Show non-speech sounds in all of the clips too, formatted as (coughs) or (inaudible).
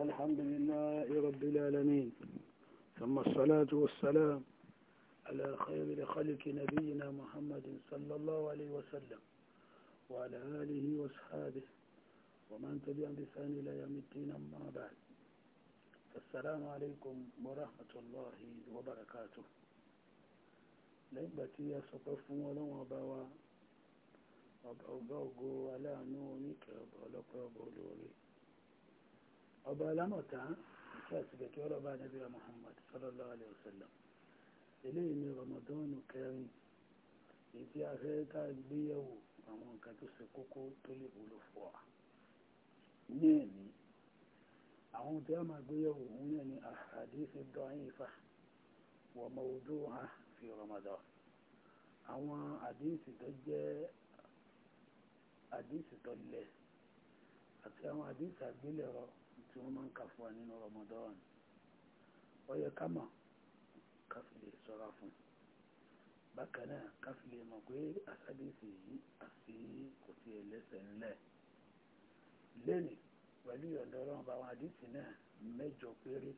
الحمد لله رب العالمين ثم الصلاة والسلام على خير خلق نبينا محمد صلى الله عليه وسلم وعلى آله وأصحابه ومن تبعهم بإحسان إلى يوم الدين أما بعد السلام عليكم ورحمة الله وبركاته لẹ́gbàtí a sọpẹ́ fún ọlọ́wọ́n ọba wa ọba ọgá ògo aláàánú oníkẹ́ ọba ọba alámọ̀tá ṣàtìgbẹ̀ kí ọlọ́ba nàbíra Muhammad sallallahu alayhi wa sallam eléyìí ni Ramadan kẹrin ìdí afẹ́ríkà gbéyẹ̀wò àwọn nǹkan tó ṣe kókó tó lè wúlò fún wa ní ẹ̀mí àwọn tí a máa gbéyẹ̀wò òun náà ni àhàdíìsì dọ́yìnfà wa fi Ramadan àwọn àdíìsì tó jẹ́ àdíìsì tó lẹ̀ àti àwọn àdíṣà gbélẹ̀rọ tí wọ́n máa ń kà fún wa nínú Ramadan ó yẹ ká mọ̀ ká fi lè sọ́ra fún bákan náà ká fi lè mọ̀ pé àsádìsì yìí àti kò ti ẹlẹ́sẹ̀ ńlẹ̀ lẹ́nìí pẹ̀lú ìyọ̀dọ̀ ọlọ́run bá àwọn àdíṣì náà mẹ́jọ péré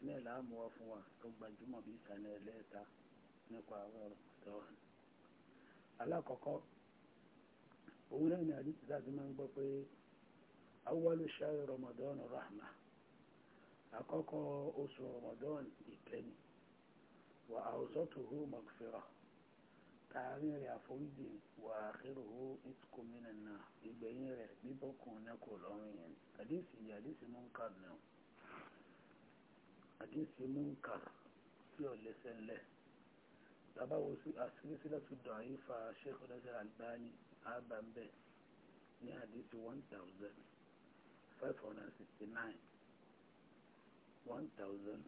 iná ìlàámu wa fún wa tó gbajúmọ̀ bí ìsàlẹ̀ ẹlẹ́ẹ̀ta nípa àwọn ọ̀rọ̀ alákọ̀ọ́kọ́ òun náà ni àdíṣì láti máa ń gbọ́ pé awwalu shahri ramadan rahma àkọ́kọ́ oṣù ramadan ìkẹni wa awsatuhu maghfirah tààrin rẹ̀ àforíjì wa akhiruhu itqun minan nar ìgbẹ̀yìn rẹ̀ bíbọ́kùn náà kò lọ́rùn yẹn àdísì àdísì munkar náà àdísì munkar tí ò lẹ́sẹ̀ ńlẹ̀ tabawo sí asílẹ̀sílẹ̀tù da'ifa Sheikh Nasir Albani àbámbẹ̀ ní àdísì 1000 five hundred sixty nine one thousand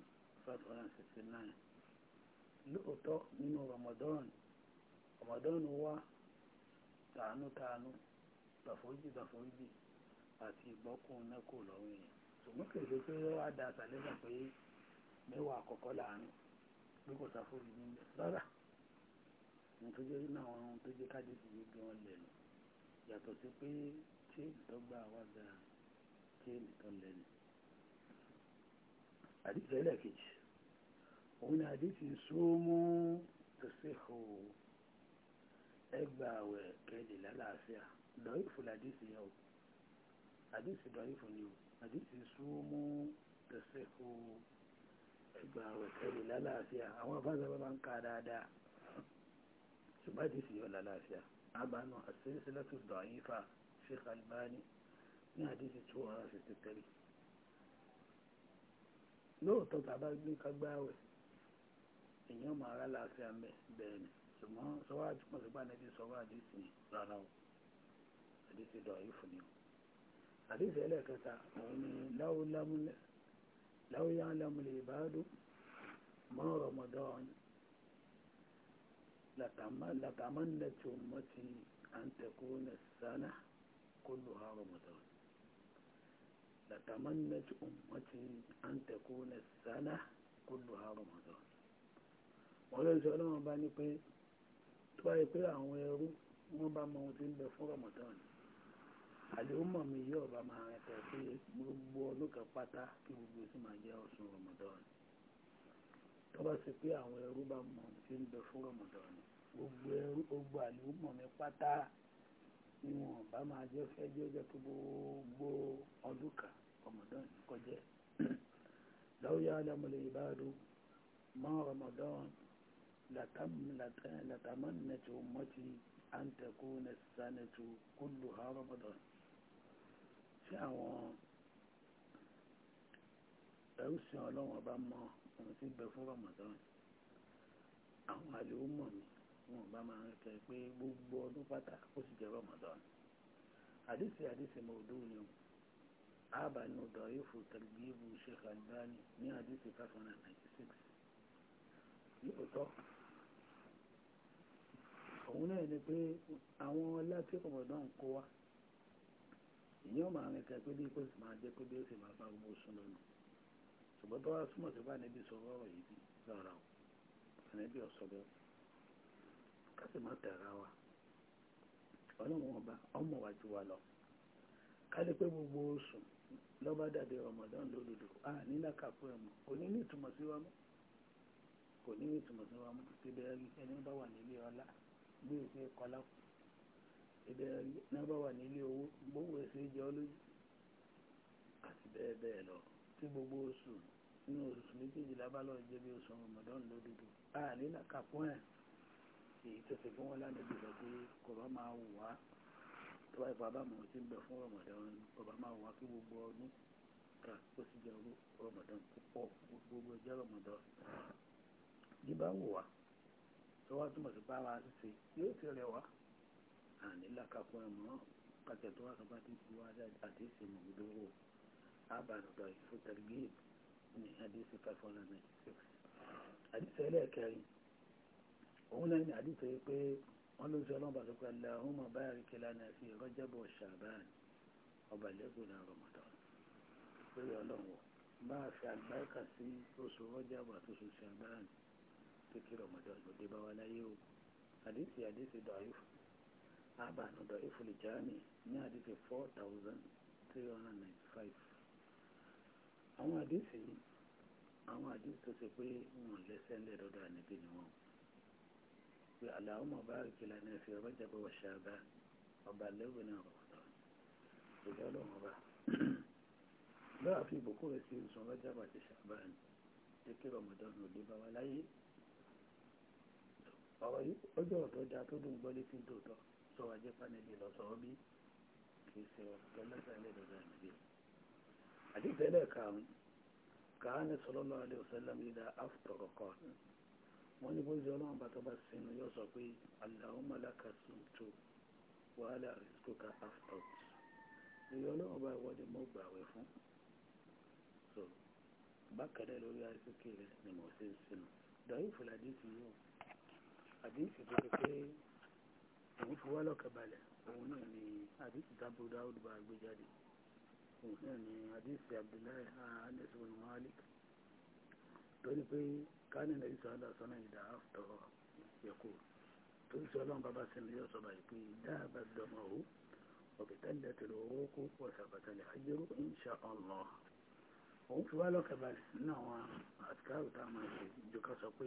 five hundred sixty nine lóòótọ́ nínú Ramadan Ramadan wá tàánú tàánú tàforíjì tàforíjì àti ìgbọ́kùn nẹ́kù lọ́wọ́ èèyàn ṣùgbọ́n kì í ṣe pé wọ́n á da àṣàlẹ́sà pé mẹ́wàá àkọ́kọ́ láàánú pé kò sàforíjì ń bẹ̀ rárá nítorí jẹ́ náà àwọn ohun tó jẹ́ kájí ti gbé wọn lẹ̀ yàtọ̀ sí pé tí ìdọ́gba wa gan-an kí nìkan lẹ́nu àdìsẹ́ ẹlẹ́ẹ̀kejì òun ni àdìsí súnmú tòṣìhò ẹgbàáwẹ̀ kẹjìlá láàáfíà dọ̀ífù làdìsí yẹn o àdìsí dọ̀ífù ni o àdìsí súnmú tòṣìhò ẹgbàáwẹ̀ kẹjìlá láàáfíà àwọn afáàzọ́ bá ń ka dáadáa ṣùgbọ́n àdìsí yẹn lálàáfíà abánú àṣírí sílẹ̀ tó dọ̀ífà ṣe kàlùbáni ní àdíjì 263 lóòótọ́ tàbá gbé kágbá àwẹ̀ èyàn máa rá láàfin àmì bẹ́ẹ̀ ni ṣùgbọ́n sọ́wọ́ àjùmọ̀ sí pàdé bí sọ́wọ́ àdíjì rárá o àdíjì dọ̀ yìí fún ni o àdíjì ẹlẹ́ẹ̀kẹta òun ni láwùyá lámúlẹ̀ ìbádùn mọ́ Ramadan لتمنت أمتي أن تكون السنة كلها رمضان لتمنت أمتي أن تكون السنة كلها رمضان ọlọ́run sọ ọlọ́run bá ní pé tó bá yẹ pé àwọn ẹrú wọ́n bá mọ ohun tí ń bẹ fún Ramadan àdéhùnmọ̀ mi yóò bá máa rìn pẹ̀ pé gbogbo ọdún kan pátá kí gbogbo sì máa jẹ́ ọ̀sùn Ramadan tó ni wọn bá máa jẹ́ fẹ́ jẹ́ jẹ́ kí gbogbo ọdún kan Ramadan yìí kọjẹ́ lọ́wọ́yá alámọ̀lẹ̀ ìbáàdó mọ́ Ramadan latamannatu ummati an takuna sanatu kulluha Ramadan tí àwọn ẹrú sin ọlọ́wọ́n bá mọ ohun tí bẹ fún Ramadan àwọn àlè ó mọ̀ mí wọn bá máa ń kẹ pé gbogbo ọdún pàtàkì ó sì jẹ́ Ramadan àdìsí àdìsí mọ̀ọ́dọ́ ni o ààbà ní ọ̀dọ̀ ìfò tẹ̀lẹ́gbẹ̀ẹ́bù Sheikh Albani ní àdìsí 596 lóòótọ́ òun náà ni pé àwọn láti Ramadan kó wa ìyẹn máa ń kẹ pé bí kò sì máa jẹ́ pé bí ó sì máa bá gbogbo sún lọ́nà ṣùgbọ́n tó wá súnmọ̀ tó bá níbi sọ ọ̀rọ̀ yìí rárá o ẹ̀nẹ́bí ọ̀sọ́ bẹ́ẹ̀. kásì má tẹ̀ra wa ọlọ́run ọba ọmọ wa ju wa lọ kálí pé gbogbo oṣù lọ́ba dàbí ọmọdán lódodo a nílá kàpọ̀ ẹ̀mọ́ kò ní ní ìtumọ̀ sí wa mọ́ kò ní ní ìtumọ̀ sí wa mọ́ ẹni bá wà nílé ọlá bí kọlá rí lọ tí gbogbo oṣù nínú oṣù méjèèjì jẹ́ bí oṣù lódodo a kàpọ̀ èyí tó ṣe fún wọn lánàá jùlọ pé kò bá máa wù wá tó bá ìfọ̀ abámọ̀ tí ń bẹ fún Ramadan kò bá máa wù wá kí gbogbo ọdún kà ó sì jẹ́ Ramadan púpọ̀ gbogbo ọjọ́ Ramadan bí bá wù wá tó wá túmọ̀ sí bára ṣe yóò ti rẹ̀ wá àní làkàkọ́ ẹ̀mọ́ pàtẹ tó wá sọ́pá tí wá àti ìsinmi ìdówó àbàdàn ìfòtẹ̀lgé ní àdéṣe 596 àdíṣẹ́ ẹlẹ́ẹ̀kẹrin òun náà ní àdìsọ yìí pé wọn ló sọ ọlọ́run bàtọ́ pé Allahumma barik lana fi Rajab wa Sha'ban ọba lẹ́kùn náà Ramadan lórí ọlọ́run bá a fi àgbáríkà sí oṣù Rajab àti oṣù Sha'ban kékeré Ramadan ló dé bá wa láyé o àdìsí àdìsí da'if àbànú da'if lè jáàmì ní àdìsí four thousand three hundred ninety five àwọn àdìsí àwọn àdìsí tó ṣe pé wọn lẹ́sẹ̀ ńlẹ̀ lọ́dọ̀ àníbí ni wọn pé Allahumma barik lana fi Rajab wa Sha'ban ọba lẹ́wọ̀n náà rọ̀tọ̀ ìjọ ọlọ́run ọba lọ́wọ́ fi ìbùkún rẹ̀ sí oṣù Rajab àti Sha'ban ní kí Ramadan ò dé bá wa láyé ọ̀rọ̀ yìí ọjọ́ ọ̀tọ̀ da tó dùn gbọ́ létí tòótọ́ sọ wájú pánẹ́lì lọ́sọ̀ọ́ bí kì í ṣe ọ̀tọ̀ lọ́sàálẹ̀ lọ́dọ̀ àmì حديث ذلك كان صلى الله عليه وسلم إذا أفطر قال wọ́n ní bóyá ọlọ́run bàtọ́ bá sínú yóò sọ pé Allahumma laka sumtu wa ala rizqika aftout èyí ọlọ́run bá ìwọ́de mọ́ gbàwẹ̀ fún so bákẹ́lẹ́ lórí àrísíkì rẹ̀ ni mo ṣe ń sínú dọ̀yìn fúlàdí ti yóò àdíṣì tó ti pé òun fi wá lọ́kàn balẹ̀ òun náà ni àdíṣì tábù dáúdù bá gbé jáde òun náà ni àdíṣì Abdullahi ah, anas bin Malik torí pé kánì lè sọ àdásọ́nà ìdá àftọ́ yẹ̀kú tó ń sọ ọlọ́run bàbá sí ni yóò sọ báyìí pé ìdá àbádọ́mọ ò ọ̀bẹ̀tẹ́lẹ̀ tẹ̀lé owó kó pọ̀ sàbàtàlẹ̀ ajẹ́rú insha Allah òun fi wá lọ́kẹ̀ balẹ̀ nínú àwọn àtikáàrù tá a máa ṣe ìjọka sọ pé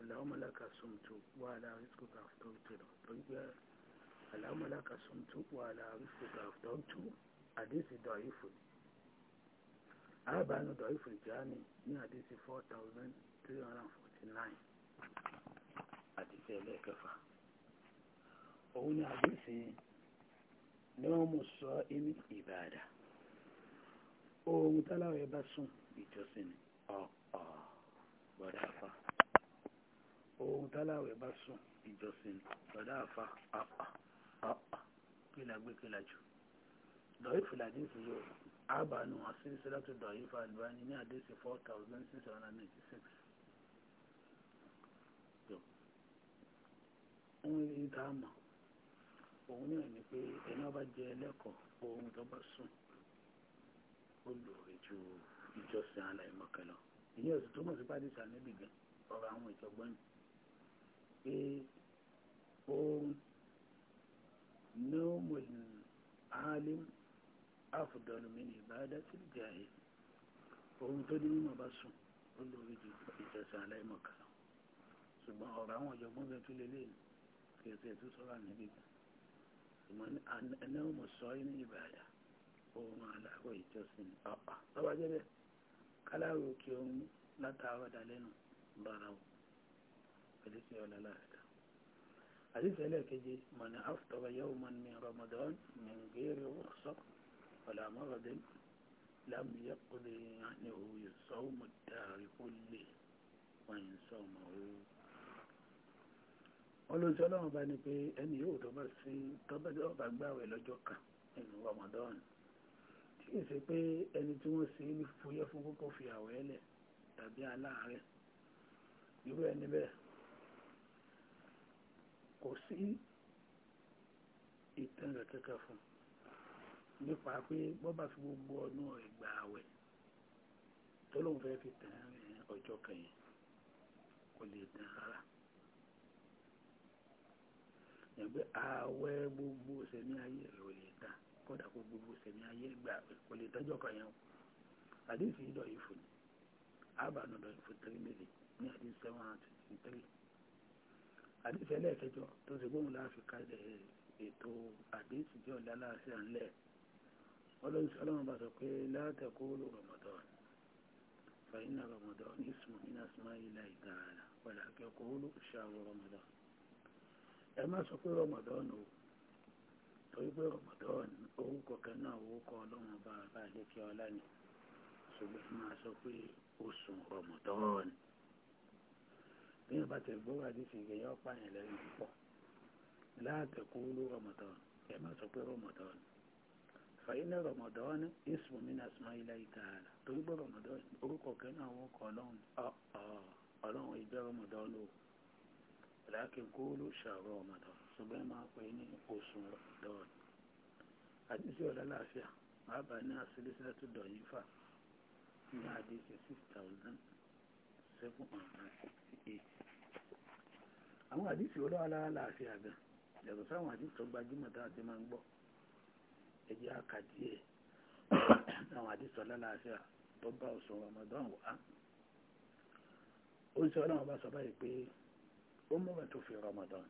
aláwọ̀mọ́láka sọ̀mùtò wà láàrísìkò káàftọ́ four àbánu dọ̀ífù jáàmì ní àdísí 4349 àdísí ẹlẹ́ẹ̀kẹfà òun ni àdísí lọ́mù sọ inú ìbàdà ohun tálàwẹ̀ bá sùn ìjọsìn ọ̀ọ̀ bọ̀dáfà ohun tálàwẹ̀ bá sùn ìjọsìn bọ̀dáfà ọ̀ọ̀ kí la gbé kí la jù dọ̀ífù làdísí yóò àbánu àti sílẹ̀tù dọ̀yìn fàlùbáni ní àdéṣe 4696 ohun ilé ìdáàmà òun náà ni pé ẹni ọba jẹ ẹlẹ́kọ̀ọ́ ohun tó bá sùn ó lò rẹ̀ ju ìjọsìn aláìmọ̀kẹ́ lọ ìyẹn òsì tó mọ̀ sí pàdésà níbi gan ọ̀rọ̀ àwọn ìjọgbọ́n pé ohun náà mọ̀ ní àálẹ́mù afdalu min ibadati al-jahil ohun tó ní mímọ̀ bá sùn ó lórí ju ìjọsìn aláìmọ̀kà lọ ṣùgbọ́n ọ̀rọ̀ àwọn ọ̀jọ̀gbọ́n bẹ tó lélẹ̀ kì í ṣe tó sọ̀rọ̀ níbi kan ṣùgbọ́n ẹni ọmọ sọ inú ìbàdà ohun aláwọ̀ ìjọsìn ọ̀pá lọ́wọ́ jẹ́ bẹ́ẹ̀ káláwò kí ohun látàárọ̀ dalẹ́nu lọ́ra o pẹ̀lú sí فلا مرض لم يقضي عنه صوم الدهر كله وإن صومه olóòtú ọlọ́run bá ní pé ẹni yóò tó bá sí tọ́bẹ́dẹ́ ọba gbáwẹ̀ lọ́jọ́ kan nínú Ramadan tí kìí ṣe pé ẹni tí wọ́n sí ní fúyẹ́ fún kókó fi àwẹ̀ tàbí aláàárẹ̀ irú ẹni bẹ́ẹ̀ kò sí ìtàn rẹ̀ kẹ́kẹ́ fún un nípa pé bọ́bá fi gbogbo ọdún ìgbà àwẹ̀ tó lóun fẹ́ fi tàn ọjọ́ kẹyìn kò lè tàn rárá ẹgbẹ́ àwẹ̀ gbogbo sẹ́mi ayé rẹ̀ ò lè tàn kódà kó gbogbo sẹ́mi ayé gbà kò lè tàn ọjọ́ kẹyìn o àdéhùn ìdọ̀ yìí fún mi àbànú ìdọ̀ yìí fún tẹ́lẹ̀ méjì ní àdéhùn seven hundred and àdéhùn ẹlẹ́ẹ̀kẹjọ tó ṣe gbóhùn láàfin kálẹ̀ ètò àdéhùn ìjọ ìlàlá àṣẹ ọlọ́run bá sọ pé látẹ̀kọ́lù ramadan fàyínà ramadan ismu iná suma ilá ìtaàlà padà kẹkọ́lù ṣàrò ramadan ẹ má sọ pé ramadan o torí pé ramadan orúkọ kan náà orúkọ ọlọ́run bá bá lékè ọlá ni ṣùgbọ́n ẹ máa sọ pé oṣù ramadan bí wọ́n bá tẹ̀ gbówó àdìsí ìgbéyàwó pààyàn lẹ́yìn púpọ̀ látẹ̀kọ́lù ramadan ẹ má sọ pé ramadan fàyínà rọmọdọ́n ismu min asma'illahi ta'ala torí pé rọmọdọ́n orúkọ kẹ́nà àwọn ọkọ̀ ọlọ́run ọlọ́run ìgbẹ́ rọmọdọ́n o láàkín kóòlù ṣàrọ̀ rọmọdọ́n ṣùgbọ́n máa pè ní oṣù rọmọdọ́n àdísí ọ̀lá láàfíà máa bá ní àṣírísílẹ̀ tó dọ̀yìn fà ní àdísí 6708 àwọn àdísí ọlọ́ọ̀lá láàfíà gan yàtọ̀ sáwọn àdísí tó gbajúmọ̀ tá a ti máa ń gbọ́ ẹjẹ́ àkàdí ẹ̀ (coughs) àwọn àdìsọ lálàáfíà tó bá oṣù Ramadan wá ó sọ ọlọ́run bá sọ báyìí pé ó múra tó fi Ramadan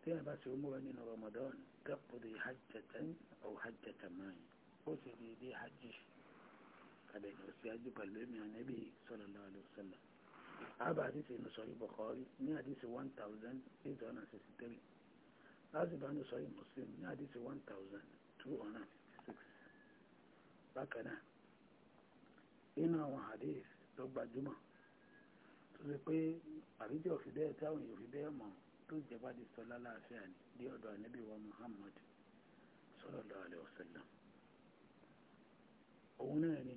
tí a bá ṣe ó múra nínú Ramadan taqdi hajjatan aw hajjatan ma'i ó sì di ilé hajj kàdẹ̀kẹ̀ ó sì ájú pẹ̀lú èmi ànábì sallallahu alaihi wasallam àbá àdìsí inú sọ Bukhari ní àdìsí one thousand eight hundred and sixty three láti bá ní sọ́yìn muslim ní àdísí 1206 bákan náà inú àwọn àdísí tó gbajúmọ̀ tó sì pé àríjọ fi bẹ́ẹ̀ táwọn èèyàn fi bẹ́ẹ̀ mọ̀ tó jẹba di sọ lálàáfíà ní dé ọ̀dọ̀ ànábì wa muhammad sallallahu alaihi wasallam òun náà ni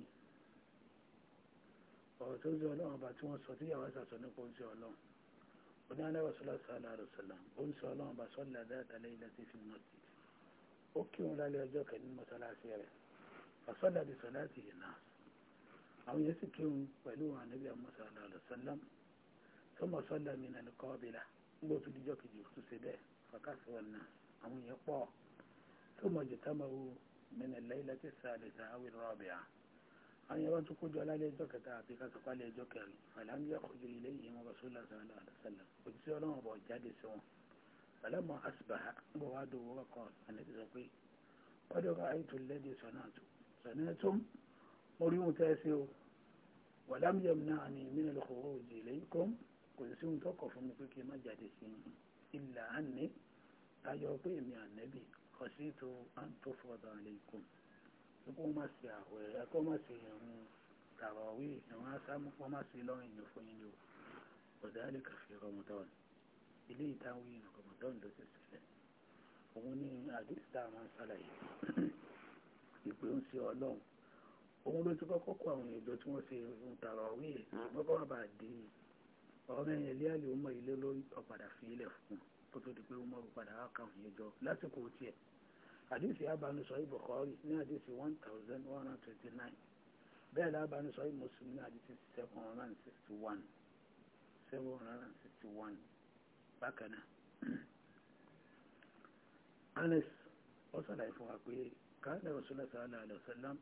ọ̀rọ̀ tó ń sọ ọlọ́run ọba tí wọ́n sọ tí yàrá sàsọ nípa oúnjẹ ọlọ́run ọ̀dáná wàsúlá sàlá àrùsọ̀lá ó ń sọ ọlọ́run bá sọ́lá dáadáa lẹ́yìn láti fi mọ́ sí ó kí òun lálẹ́ ọjọ́ kẹ́ nínú mọ́sálásí rẹ̀ wàsọ́lá bí sọ láti yìí náà àwọn yẹn sì kí òun pẹ̀lú àwọn anábì àmọ́sálá àrùsọ̀lá tó mọ̀ sọ́lá mi nàní kọ́ bìlà nígbà tó dijọ́ kejì tó ṣe bẹ́ẹ̀ fàkàṣì wọn náà àwọn yẹn pọ̀ tó mọ̀ jù támọ̀ wo mẹ́nà lẹ́yìn láti sàlẹ̀ sàáwì rọ́ọ̀bì àwọn yẹn wọ́n tún kójọ alálẹ́ ẹjọ́ kẹta àti kásìkò alẹ́ ẹjọ́ kẹrin àlàmì ẹ̀kọ́jọ ilé yìí wọn bá sólà sàlẹ̀ àdàsàlẹ̀ òjíṣẹ́ ọlọ́run bọ̀ jáde sí wọn àlámọ̀ àsìbàá ń bọ̀ wá dòwó ọkọ̀ àlẹ́tì sọ pé ọdọ̀ àìtò lẹ́dẹ̀ sọ̀nàtò sọ̀nàtò mo rí ohun tẹ́ẹ̀ sí o wà lámìyàn náà ni mílẹ̀ lọ́kọ̀ọ́ òjì lẹ́yìn kọ́ kò sí ohun tọkọ̀ fún mi pé kí n má jáde sí ilà á ní ayọ̀ pé èmi à kó má ṣe àwẹ̀ kó má ṣe ìrun tàràwí ìrun ásámú kó má ṣe lọ́rùn ìyàn fún yín o ọ̀dáàlì kàfẹ́ rọmọdọ́n ilé ìtawí rọmọdọ́n ló ti sílẹ̀ òun ní àdìsítà máa ń ṣàlàyé (clears throat) ìpè ń ṣe ọlọ́run òun ló ti kọ́kọ́ kó àwọn ìjọ tí wọ́n ṣe ìrun tàràwí ṣùgbọ́n kọ́ bá dé ọ̀rẹ́ yẹn lé àlè ó mọ ilé lórí ọ̀padà fi ilẹ̀ fún un tó tó di pé ó mọ òpadà á àdìsí abánusọ ibùkọ́rì ní àdìsí one thousand one hundred twenty nine bẹ́ẹ̀ lábánusọ ìmùsùn ní àdìsí seven hundred and sixty one seven hundred and sixty one bákan náà (clears throat) anes ó sàlàyé fún wa pé káàdà rasulullah sallallahu alaihi wasallam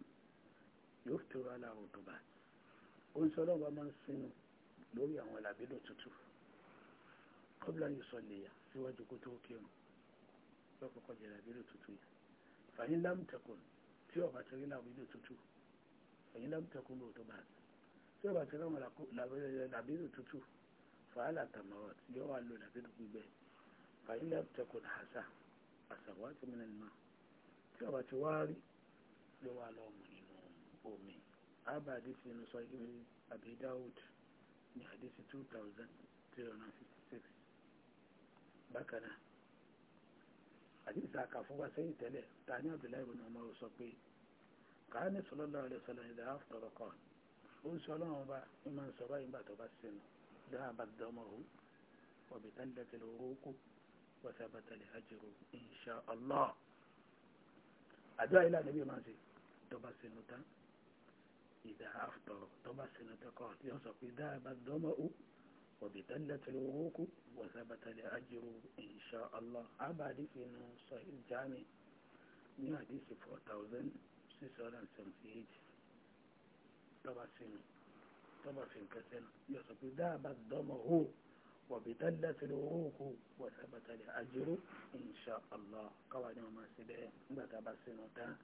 yóò fi tóra aláwọ̀ tó bá ó ń sọ lọ́wọ́ máa ń sinú lórí àwọn fàyín lámtẹ̀kùn tí ọba ti rí làbídò tútù fàyín lámtẹ̀kùn lóòótọ́ bá tí ọba ti rí àwọn làbídò tútù fàálà tàmọ̀rọ̀ tí yọ wà lò làbídò gbígbẹ fàyín lámtẹ̀kùn àṣà àṣàwọ̀ àti mìíràn náà tí ọba ti wá rí yọ wà lọ mọ̀ nínú omi àbá àdìsí inú sọ ibi àbí dáwùd ní àdìsí 2356 bákan náà àdìsí àkà fún wa sẹ́yìn tẹ́lẹ̀ ta ní Abdullahi ibn Umar sọ pé kàánì sallallahu alaihi wasallam ìdá àfọ̀rọ̀ kan ó ń sọ ọlọ́run bá ń máa ń sọ báyìí nígbà tó bá sínú dáhàbà dọ́mọ̀rú ọ̀bìtánilẹ́tẹ̀lẹ̀ orókù wọ́sàbàtàlẹ̀ àjẹrò insha Allah àdúrà ilé àdébí máa ń ṣe tó bá sínú tán ìdá àfọ̀rọ̀ tó bá sínú tán وبدلت الورق وثبت الأجر إن شاء الله أبعد في صحيح الجامع من حديث 4678 طبعا سنة طبعا في الكسل يصف ذهب الضمه وبدلت الورق وثبت الأجر إن شاء الله قوانا ما سبعه بدا بسنة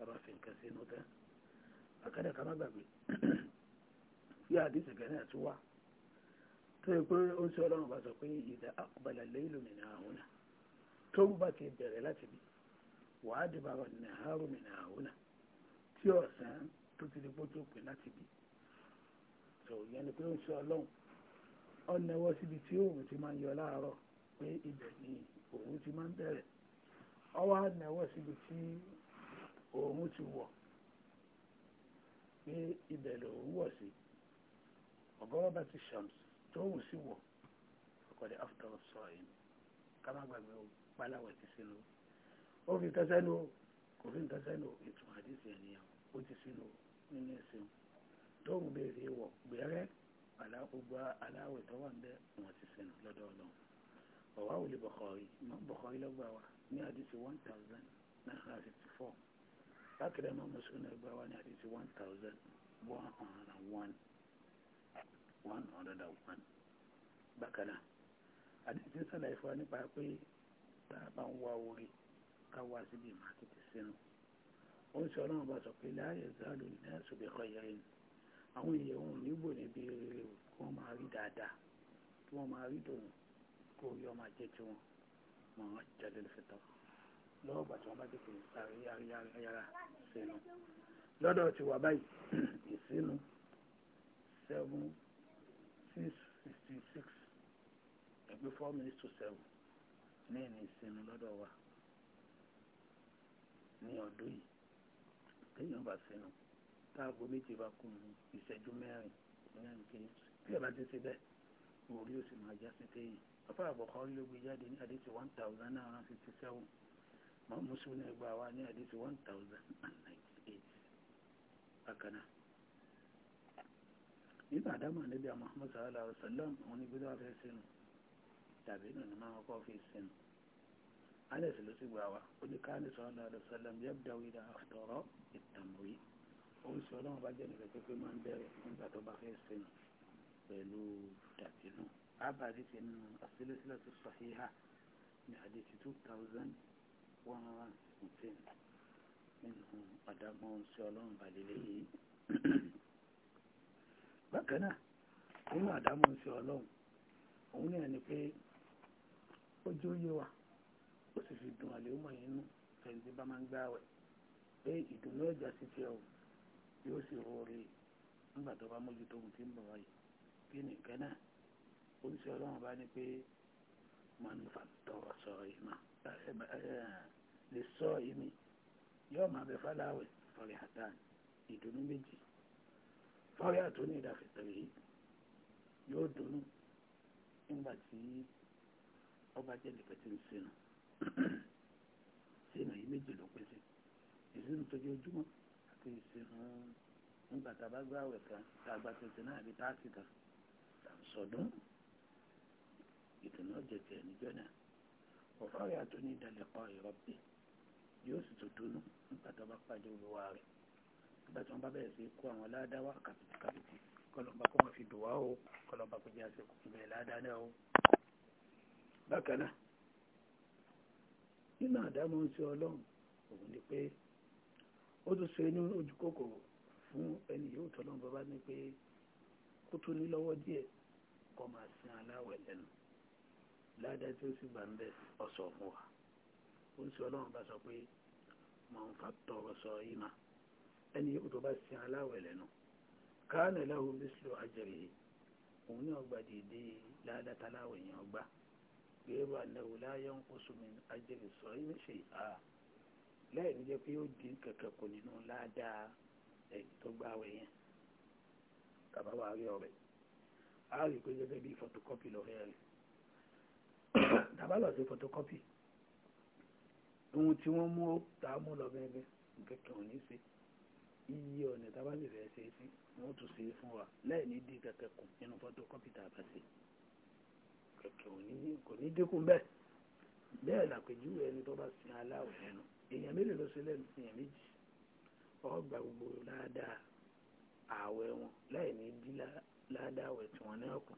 طبعا في الكسل هكذا كما بابي في حديث كان يتوى tó yẹ pé ó ń sọ ọlọ́run bá sọ pé ìdá àkùbàlà lẹ́yìn lómìnira àwọn náà tó ń bá ti bẹ̀rẹ̀ láti bí wàá di bàbá ní àárò mìíràn àwọn náà tí ọ̀sán tó ti di gbójú pé láti bí tó yẹn pé ó ń sọ ọlọ́run ọ̀nẹ́wọ́ síbi tí òun ti máa ń yọ láàárọ̀ pé ibẹ̀ ni òun ti máa ń bẹ̀rẹ̀ ọwọ́ ànẹ́wọ́ síbi tí òun ti wọ̀ pé ibẹ̀ lòun wọ̀ sí ọgọ́rọ́ ti ṣàmùsùn tó wù sí wọ̀ ọ̀kọ̀dẹ̀ after all sọ ẹ̀ ká má gbàgbé o pálawẹ̀ ti sínú ó fi nǹkan sẹ́nu kò fi nǹkan sẹ́nu ìtumọ̀ àdìsí ẹ̀ nìyẹn ó ti sínú nínú ẹ̀sìn tó wù béèrè wọ̀ gbẹ̀rẹ́ gbogbo aláwẹ̀ tó wà ń bẹ́ wọn ti sínú lọ́dọ̀ ọlọ́run ọ̀wá wòlé Bukhari mọ́ Bukhari lọ́gbà wa ní àdìsí one thousand nine hundred fifty four bákẹ́rẹ́ mọ́ mùsùlùmí lọ́gbà wa ní àdìsí one thousand one hundred and one one hundred and one bákan náà àdìsí sàlàyé fún wa nípa pé tá a bá ń wá orí ká wá síbi ìmákìtì sínú ó ń sọ ọlọ́run bá sọ pé láàyè záàlù ní ẹ̀sùn bí kọ́ yẹrin àwọn èèyàn òun nígbò níbi rere kí wọ́n máa rí dáadáa kí wọ́n máa rí dòun kó yọ máa jẹ́ tí wọ́n máa jáde lọ́fẹ̀tọ́ lọ́wọ́ bàtí wọ́n bá ti sáré yára sínú lọ́dọ̀ ti wà báyìí (clears throat) ìsínú seven six sixty six ẹgbẹ́ four minutes to seven náà ní ìsinmi lọ́dọ̀ wa ní ọdún yìí téèyàn bá sínú táàbù méje bá kún ìṣẹ́jú mẹ́rin ìyẹn nìkan bí ẹ bá ti ṣe bẹ́ẹ̀ orí ó sì máa já sí téèyàn bàbá àbọ̀kọ́ ló gbé jáde ní àdéhùn one thousand nine hundred fifty seven mọ́ mùsùlùmí ẹgbàá wa ní àdéhùn one thousand and ninety eight bákan nígbà àdámà níbi àwọn Muhammad sallallahu alaihi wa sallam òun ní gbéra fẹ́ sínú tàbí nù ní máa kọ́ fi sínú alẹ́sì ló sì gbà wá ó ní káàní sallallahu alaihi wa sallam yabda idha aftara ìtàmùrí òun sì ọlọ́run bá jẹ́ nìkan pé máa ń bẹ̀rẹ̀ nígbà tó bá fẹ́ sínú pẹ̀lú tàbí nù abàdí ti nù as-silsila as-sahiha ní àdìsí two thousand one hundred and sixteen nínú àdámọ́ sí ọlọ́run balẹ̀ lẹ́yìn bákan náà nínú àdámọ̀ sí ọlọ́run òun náà ni pé ojú yé wa ó sì fi dùn àlè ọmọ yìí nú ẹni tí bá máa ń gbáwẹ̀ pé ìdùnnú ẹ̀já sí tiẹ̀ o yóò sì rọrí nígbà tó bá mójútó ohun tí ń bọ̀ wáyé kí nìkan náà ó ń ọlọ́run bá ní pé mọ̀nùfà tọrọ sọ ìmọ̀ lè sọ ìmí yóò máa bẹ fáláwẹ̀ fọlẹ̀ àtàn ìdùnnú méjì fáwọ́yà tó ní ìdàfẹ́tẹ̀lẹ̀ yìí yóò dùnú nígbà tí ọba jẹ́ nìkan ti ń sinú sínú yìí méjì ló pèsè ìsinú tó jẹ́ ojúmọ́ àti ìsinú nígbà tá a bá gbá àwẹ̀ kan tá a gba tuntun náà àbí táàsì kan tá a sọdún ìdùnnú jẹjẹ níjọ náà ọ̀fáwọ́yà tó ní ìdàlẹ́kọ̀ọ́ ìrọ́pẹ́ yóò sì tó dùnú nígbà tó bá pàdé olúwa rẹ̀ nígbà tí wọ́n bá bẹ̀rẹ̀ sí kó àwọn ládàáwà kàbìtì kàbìtì kọlọ̀mbà kó wọ́n fi dùn wá o kọlọ̀mbà kó jẹ́ àṣẹ kùkùn bẹ̀rẹ̀ ládàá náà o. bákan náà nínú àdámọ́ ń ṣe ọlọ́run òun ni pé ó tún ṣe ní ojú kòkòrò fún ẹni yóò tọ́lọ́ bàbá ní pé kó tún ní lọ́wọ́ díẹ̀ kọ́ máa sin aláwẹ̀ lẹ́nu ládàá tí ó sì gbà ń bẹ̀ ọ̀sọ̀ fún wa ó ń ṣe ọlọ́run bá sọ pé mọ̀ ń fa tọrọ sọ yìí máa ẹni yóò tó bá sin aláwẹ̀ lẹ́nu káànà láhù mísìlò àjẹrè òun ní ọgbà dìde ládàtà láwẹ̀ yẹn ọgbà gbèrò àlẹ́wò láyé ń kó sùnmi àjẹrè sọ yìí ṣe ìhà lẹ́yìn jẹ́ pé ó di kẹ̀kẹ́ kò nínú ládàá ẹ̀yìn tó gbáwẹ̀ yẹn bàbá wa rí ọ̀rẹ́ a rí pé gẹ́gẹ́ bí photocopy lọ́rẹ́ rẹ̀ tàbá lọ sí photocopy ohun tí wọ́n mú tàá mú lọ gẹ́gẹ́ nǹkan kan ò ní í ṣe iye ọ̀nà tábà lè fẹ́ ṣe sí wọ́n tún ṣe fún wa láì ní dí kẹ̀kẹ́ kù nínú fọ́tò kọ́pìtà bá ṣe kẹ̀kẹ́ kò ní dínkù bẹ́ẹ̀ bẹ́ẹ̀ làpèjúwe ẹni tó bá sin aláwọ̀ ẹnu èèyàn mélòó ló ṣe lẹ́nu èèyàn méjì ọgbà gbogbo ládàá ààwẹ̀ wọn láì ní dí ládàá ààwẹ̀ tí wọ́n náà kù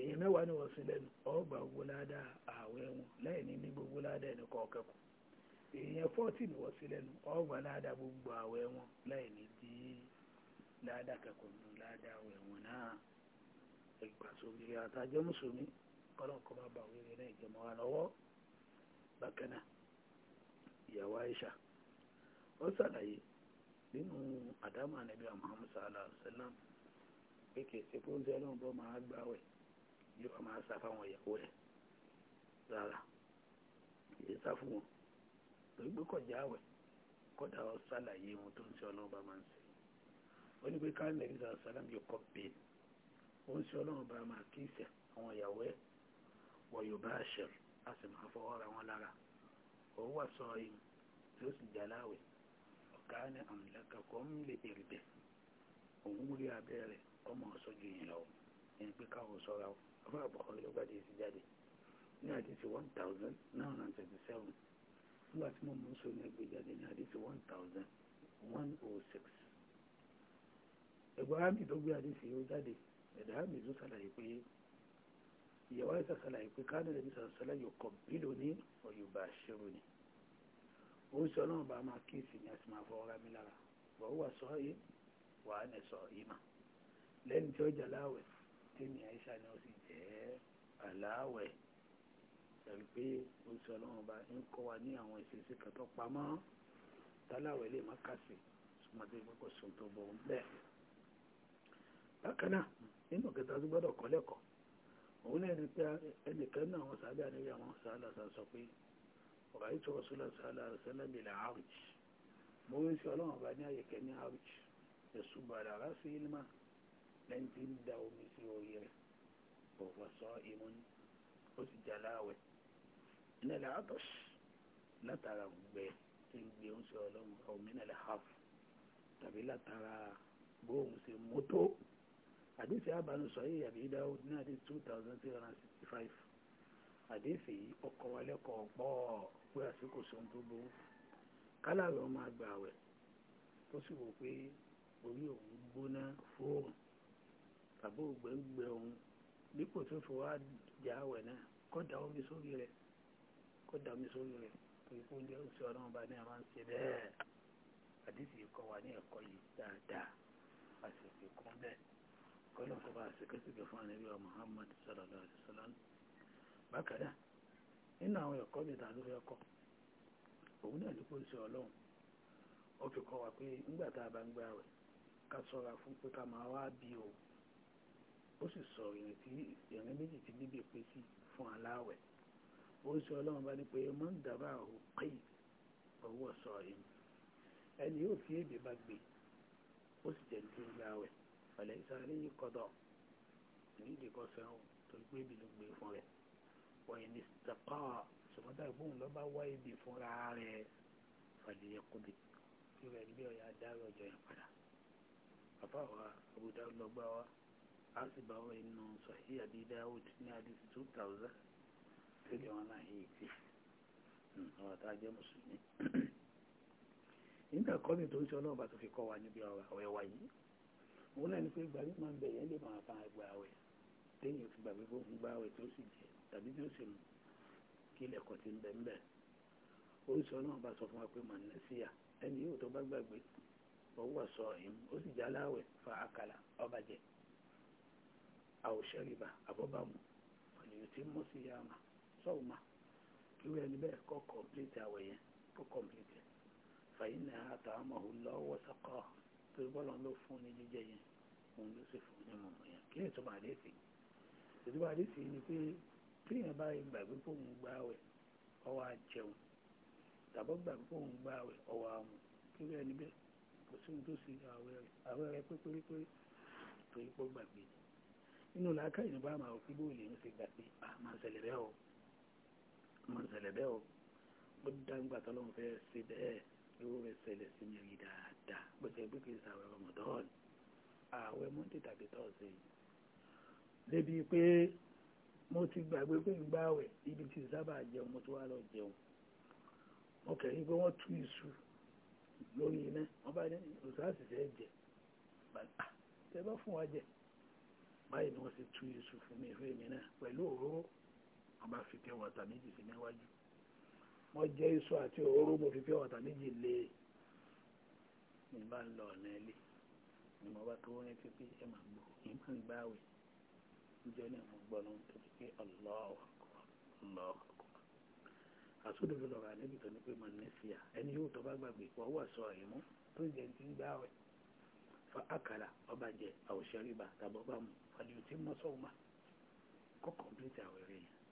èèyàn mẹ́wàá ni wọ́n ṣe lẹ́nu ọgbà gbogbo ládàá ààwẹ̀ wọn láì ní ní gbogbo ládàá ẹni kọ̀ọ̀kẹ́kù èèyàn fọ́tì ni wọ́n sí lẹ́nu ọgbà ládàá gbogbo àwẹ̀ wọn láì ní tí ládàá kẹ́kọ̀ọ́ nù ládàá àwẹ̀ wọn náà ìgbà sóbi àtàjọ mùsùlùmí kọ́lọ́kọ́ máa bá wíwẹ̀ náà ìjọmọ́ wa lọ́wọ́ bákan náà ìyàwó Aisha ó ṣàlàyé nínú àdámà nàbí Muhammad sallallahu alaihi wasallam pé kìí ṣe fún jẹ́ náà bọ́ máa gbáwẹ̀ yóò máa sá fáwọn ìyàwó rẹ̀ rárá kìí sá fún wọn torí pé kọjá àwẹ̀ kọ́dà ọ sàlàyé ohun tó ń ṣe ọlọ́run bá máa ń ṣe ó ní pé káàlì nàbí sàlá sàlám yóò kọ́ bẹ́ẹ̀ ó ń ṣe ọlọ́run bá máa kí ìṣẹ̀ àwọn ìyàwó ẹ̀ wọ̀ yóò bá àṣẹ a sì máa fọwọ́ ra wọn lára ó wà sọ ihun tí ó sì jà ọ̀gá ni àmìlẹ́kà kọ́ ń lè èrè bẹ̀ òun rí abẹ́ ọmọ ọ̀sọ́jú yìí lọ ẹni pé one thousand nine hundred and seven nígbà tí mo mú sọ ní ẹgbẹ́ jáde ní àdísì 1106 ẹgbẹ́ àmì tó gbé àdísì yóò jáde ẹ̀dà àmì tó sàlàyé pé ìyàwó ẹ̀sà sàlàyé pé káàdùn ẹ̀bí sàlàyé yóò kọ̀ bílò ní ọ̀yọ̀bà ṣẹ́rù ni ó ń sọ náà bá máa kíyèsí ní àti máa fọwọ́ra mi lára wọ́n wà sọ yìí wà á nẹ sọ yìí mà lẹ́yìn tí ó jẹ́ aláwẹ̀ tèmi àìsàn ni ó sì jẹ́ aláwẹ̀ ẹ̀rí pé oṣù ọlọ́run ọba ń kọ́ wa ní àwọn ìṣesí kan tó pamọ́ táláwẹ̀ lè má kàsì ṣùgbọ́n tó ìgbẹ́kọ̀ sùn tó bọ̀ ń bẹ́ẹ̀. bákan náà nínú kẹta tó gbọ́dọ̀ kọ́ lẹ́kọ̀ọ́ òun náà ni pé ẹnìkan náà àwọn sàádà níbi àwọn sàádà sàn sọ pé ọ̀rọ̀ ayé tó rọ̀ṣù lọ sàádà sẹ́lẹ̀ mi là áwùj mo ń ṣe ọlọ́run ọba ní àyẹ̀kẹ́ ní áwùj ẹ̀sùn bàrà rà sí ilmà lẹ́yìn tí ń da omi sí orí rẹ̀ bọ̀fọ̀ sọ ìmúni ó sì jà láàwẹ̀ nílẹ̀ àtọ́s látara gbẹ tí ń gbé oúnjẹ ọlọ́run bá omi nílẹ̀ haf tàbí látara bóun ṣe mọ́tò àdéhìí abanu sọyí àbí dáwọ́ ní àdéhìí two thousand three hundred sixty five àdéhìí ọkọ̀ wálẹ́kọ̀ pọ̀ pé àsìkò sóhun tó burú kálàrọ̀ máa gbà wẹ̀ tó sì wò pé orí òun gbóná fóòrùn tàbí ògbẹ́ngbẹ́ òun dípò tó fi wá jà wẹ̀ náà kọ́dà omi sórí rẹ̀ kó dàmí sórí rẹ̀ kó lé oṣù ọlọ́run bá ní àwọn ṣe bẹ́ẹ̀ àdìsí kọ́ wa ní ẹ̀kọ́ yìí dáadáa a sì fi kún bẹ́ẹ̀ kọ́lọ́ kó bá ṣe fún àníbí Muhammad sallallahu alaihi wasallam nínú àwọn ẹ̀kọ́ mi òun náà ló kó oṣù ọlọ́run a bá ń gbà rẹ̀ ká ó sọ ọlọ́run bá ní pé mọ́ ń dàbà òpè owó sọ yìí ẹni yóò fi èdè bá gbé ó sì jẹ́ ní gbàwẹ̀ ọ̀lẹ́ ìsáré yìí kọ́dọ̀ nídìí kọ́ sẹ́wọ̀n tó gbé ibi ló gbé fún rẹ̀ wọ̀nyí ní sàkọ́ ṣùgbọ́n ìgbóhùn lọ bá wá ibi fúnra rẹ̀ fàdíyẹ kúbi ìrẹ̀ ní bí ọ̀yà dárò ọjọ́ yẹn padà bàbá wa àbúdá lọ gbá wa a sì bá wa inú sọ̀hí 2000 kéde wọn náà yìí tí hmm, ọ̀rọ̀ tá a jẹ́ mùsùlùmí nígbà kọ́ ní tó ń ṣe ọlọ́run bá tó fi kọ́ wa níbi àwẹ̀ wa yìí òun náà ni pé ìgbà yìí máa ń bẹ̀yẹ̀ lè máa fa àgbà àwẹ̀ téèyàn ti gbàgbé bó ń gbà àwẹ̀ tó sì jẹ tàbí tí ó sì mú kí ilẹ̀kọ̀ ti ń bẹ̀ ń bẹ̀ oríṣi ọlọ́run bá sọ fún wa pé màá nà síyà ẹni yóò tó bá gbàgbé ọwọ́ sọ ẹ̀yìn ó sì já láwẹ̀ fa àkàlà ọba jẹ àwòṣẹ́rìbà àbọ̀bàmù ọ̀nìyàn tí mú síyà máa sọ́ọ̀mà irú ẹni bẹ́ẹ̀ kọ́ kọ̀m̀plìtì àwẹ̀ yẹn kọ́ kọ̀m̀plìtì fàyín náà àtàwọn lọ́wọ́ sọ́kọ́ torí bọ́lọ̀ ló fún ní jíjẹ yẹn òun ló sì fún ní mọ̀mọ́ yẹn kí èso máa dé sí i èso máa dé sí i ni pé téèyàn bá gbàgbé fóun gbá àwẹ̀ ọwọ́ á jẹun tàbọ̀ gbàgbé fóun gbá àwẹ̀ ọwọ́ á mu irú ẹni bẹ́ẹ̀ kò sí ohun tó sì àwẹ̀ rẹ̀ pé pérépéré làákàyè ní bá máa ò pé bóòlù ń ṣe gbàgbé àmọ́ ṣẹlẹ̀ rẹ̀ ọ̀ mọ̀ ṣẹlẹ̀ bẹ́ẹ̀ o bó dáńgbà tọ́lọ́run fẹ́ ṣe bẹ́ẹ̀ irú rẹ̀ ṣẹlẹ̀ sí mi rí dáadáa bó ṣe gbé kìí sàwẹ̀ Ramadan ààwẹ̀ mọ́tì tàbí tọ́ọ̀sì débi pé mo ti gbàgbé pé ń gbàwẹ̀ ibi tí sábà jẹun mo tún wá lọ jẹun mo kẹ̀rí pé wọ́n tú iṣu lórí iná wọ́n bá ní òṣàṣì fẹ́ jẹ ah, tẹ bá fún wa jẹ báyìí ni wọ́n sì tú iṣu fún mi fún mi náà pẹ̀lú òróró ọ bá fi pure water méjì sí níwájú wọ́n jẹ́ iṣu àti òróró mo fi pure water méjì lé e ní bá ń lọ ọ̀nà ni mo bá tó rẹ́ pípé ẹ máa gbọ́ ẹ̀ máa ń gbáwé níjọ́ náà mo gbọ́ lóhun tó pé àníbi tó ní pé mo ní ẹni yóò bá fa akala ọba jẹ tàbí ọba mu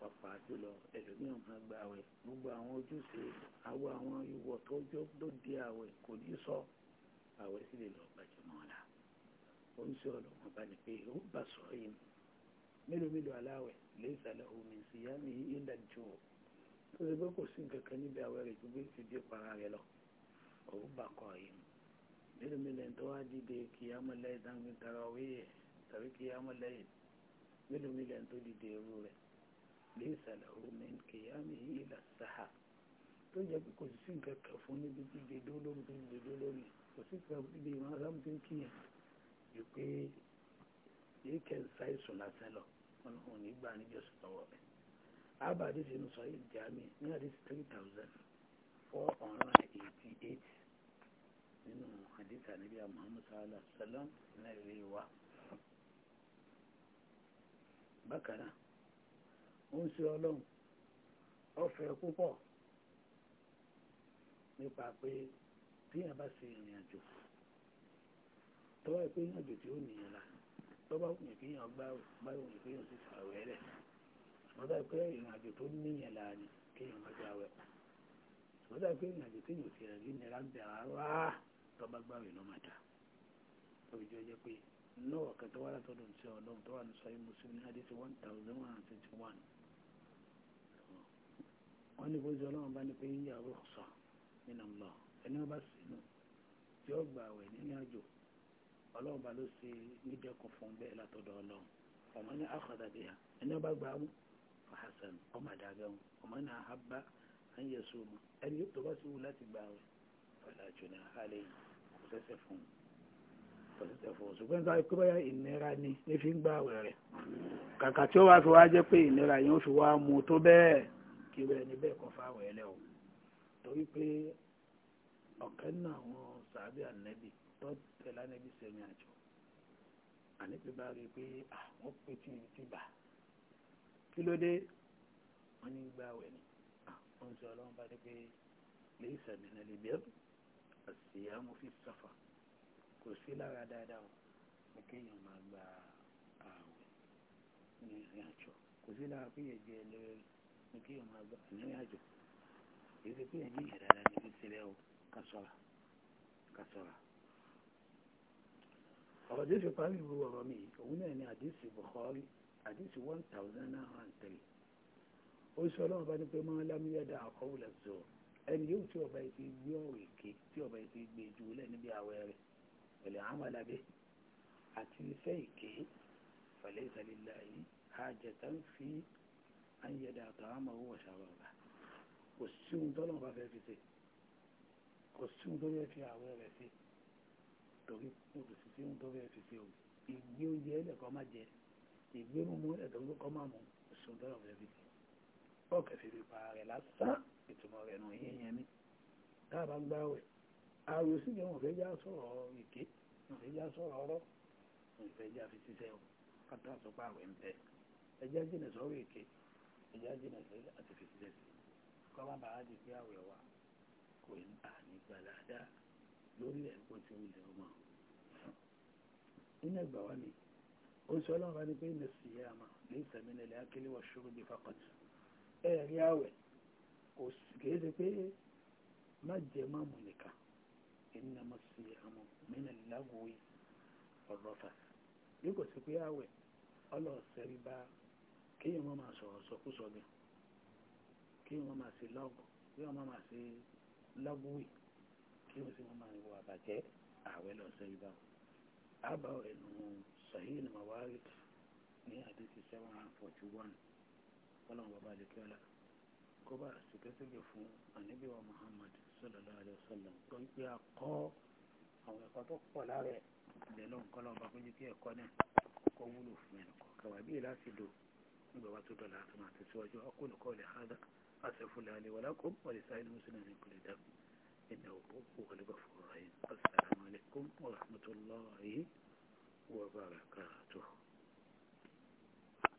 pàpà jùlọ ẹlòmíràn máa gba àwẹ̀ gbogbo àwọn ojúṣe àwọ àwọn ìwọ̀ tó jọ tó di àwẹ̀ kò ní sọ àwẹ̀ sì lè lọ gbàjọ mọ́ ọ̀la ó ń sọ ọ̀rọ̀ wọn bá ní pé ó bá sọ yìí mélòó mélòó aláwẹ̀ lè sàlẹ̀ omi sí yá ní ilẹ̀ jù ó tó ṣe pé kò sí nǹkan kan níbi àwẹ̀ rẹ̀ tó bí fi para rẹ̀ lọ ó bá kọ yìí mélòó mélòó ẹni tó wá dìde kí á mọ̀ lẹ́yìn dáhùn tàràwé tàbí kí á mọ̀ lẹ́yìn mélòó mélòó ẹni tó dìde irú rẹ̀ ليس له من قيامه إلى السحر tó jẹ́ pé kò sí sí nǹkan kan fún níbi tí gbèdó lórí tí gbèdó lórí kò sí kan níbi ìwọ̀n alámùtí ń kíyàn ju pé yìí kẹsà ìsùn lásán lọ wọn ò ní gbà níjọ sùn lọ́wọ́ rẹ̀ ábà àdìsí ń sọ yìí jàmí ní àdìsí three thousand four hundred and eighty eight nínú àdìsí àníbí Muhammad sallallahu alaihi wasallam náà rí wa bákan náà ó ń ṣe ọlọ́run ọ̀fẹ́ púpọ̀ nípa pé tíyàn bá ṣe ìrìn àjò tọ́wọ́ ìpé ìrìn àjò tí ó nìyàn la tọ́wọ́ òyìn kíyàn gbá òyìn kíyàn sí fàwẹ́ rẹ̀ mọ́tà pé ìrìn àjò tó níyàn la ni kíyàn má gbá wẹ̀ mọ́tà pé ìrìn àjò kíyàn ti rẹ̀ rí nira ń bẹ̀ rárá tọ́ba gbá òyìn ló máa dà tóbi jọ jẹ́ pé náà kẹtọ́wọ́ látọ̀dọ̀ ń ṣe ọlọ́run tọ́wọ́ ní sọ́yìn mùsùlùmí adé ti one thousand one hundred twenty one wọ́n ní bójú ọlọ́run bá ní pé yíyá rọ́ọ̀sà nínú lọ ẹni wọ́n bá sínú tí ó gbà wẹ̀ nínú àjò ọlọ́run bá ló ṣe nídẹ́kun fún bẹ́ẹ̀ látọ̀dọ̀ ọlọ́run ọmọ ní àkọ́dà bí ha ẹni wọ́n bá gbà mú fàhásán ọmọ àdàbẹ̀ wọn ọmọ ní àhábá ń yẹ sọ mọ ẹni yóò tó bá sí wù láti gbà wẹ̀ fàlàjò ní àhálẹ̀ yìí kò sẹ́sẹ̀ fún un ṣùgbọ́n tó kí kíwé ẹni bẹ́ẹ̀ kọ́ fáwọn ẹlẹ́ o torí pé ọ̀kẹ́ nínú àwọn sàábì ànẹ́bì tó tẹ̀lé ànẹ́bì sẹ́yìn àjọ ànẹ́bì bá rí i pé àwọn pé tí ì ti bà kí ló dé wọ́n ní gbà wẹ̀ ni wọ́n sọ ọlọ́run bá dé pé lè sàmì náà lè bẹ́ẹ̀ àti àmọ́ fi sàfà kò sí lára dáadáa o kéèyàn máa gba ààwẹ̀ ní ìrìn àjò kò sí lára pé èjì ẹlẹ́rìí ní kí ọmọ àgbà ìrìn àjò èyí ti pé ẹ̀yìn ìrẹ̀lẹ̀ ní ti tẹ̀lé o ká sọ́ra ká sọ́ra. ọ̀rọ̀ tí ó fi parí ìlú ọ̀rọ̀ mi òun náà ni àdìsí Bukhari àdìsí one thousand nine hundred and three ó sọ ọlọ́run bá ní pé máa lámúyẹ́dá àkọ́wùlẹ̀ zọ ẹni yóò tí ọba yìí ti gbé ọ̀rọ̀ èké tí ọba yìí ti gbé jù lẹ́ níbi àwẹ̀ rẹ̀ pẹ̀lú àwọn alábẹ́ àti iṣẹ́ èké fàlẹ́ ìsàlẹ̀ láyé àjẹtàn fi an yẹ da àtọ̀ àmọ́ owó ṣàwọ̀ ọ̀la kò sí ohun tó lọ́wọ́ bá fẹ́ fi ṣe kò sí ohun tó fẹ́ fi àwẹ̀ rẹ̀ ṣe torí kò sì sí ohun tó fẹ́ fi ṣe o ìgbé oúnjẹ ẹlẹ́kọ́ má jẹ ìgbé mímú ẹ̀dọ́gbó kọ́ má mú kò sí ohun tó lọ́wọ́ fẹ́ fi ṣe ọ̀kẹ́ fi fi pa rẹ̀ lásán ìtumọ̀ rẹ̀ nù yẹn ẹja jìnà sí àti fìsílẹ̀sì kọ́ má bàá di pé àwẹ̀ wa kò ní àní gbalada lórí ẹ̀kọ́ tí ó lè ọmọ nínú ẹgbà wa ni ó sọ ọlọ́run bá ní pé ní sí ẹ àmà lè sẹ̀mínà ilẹ̀ akílé wọ ṣòro bí fakọ̀tì ẹ rí àwẹ̀ kò kìí ṣe pé má jẹ má mú nìkan iná má sí ẹ àmọ́ mínà lágùwé ọ̀rọ̀ fà bí kò sí pé àwẹ̀ ọlọ́ọ̀sẹ̀ rí bá kéèyàn wọn máa sọ̀rọ̀ sọkúsọ gan kéèyàn wọn máa ṣe lọ́gùn kéèyàn wọn máa ṣe lọ́gùwì kéèyàn sì wọn máa wọ àbàjẹ́ ààwẹ̀ lọ́sẹ̀ ibà àbá ẹnu sahih mawarid ní àdéhùn seven hundred forty one ọlọ́run bàbá àdékẹ́lá kó bá ṣùgbẹ́sẹ̀gbẹ̀ fún ànábìwá Muhammad sallallahu alaihi wasallam tó ń pè àkọ́ àwọn ẹ̀kọ́ tó pọ̀ lára ẹ̀ lẹ́lọ́nkọ́lọ́ bá fún jí kí ẹ̀kọ́ náà kó wúlò fún ẹ̀kọ́ kàwá bí ìlàsìdò بوات البلاغ مع تسواج وأقول قولي هذا أسف لي ولكم ولسائل المسلمين من كل دم إنه هو الغفور الرحيم السلام عليكم ورحمة الله وبركاته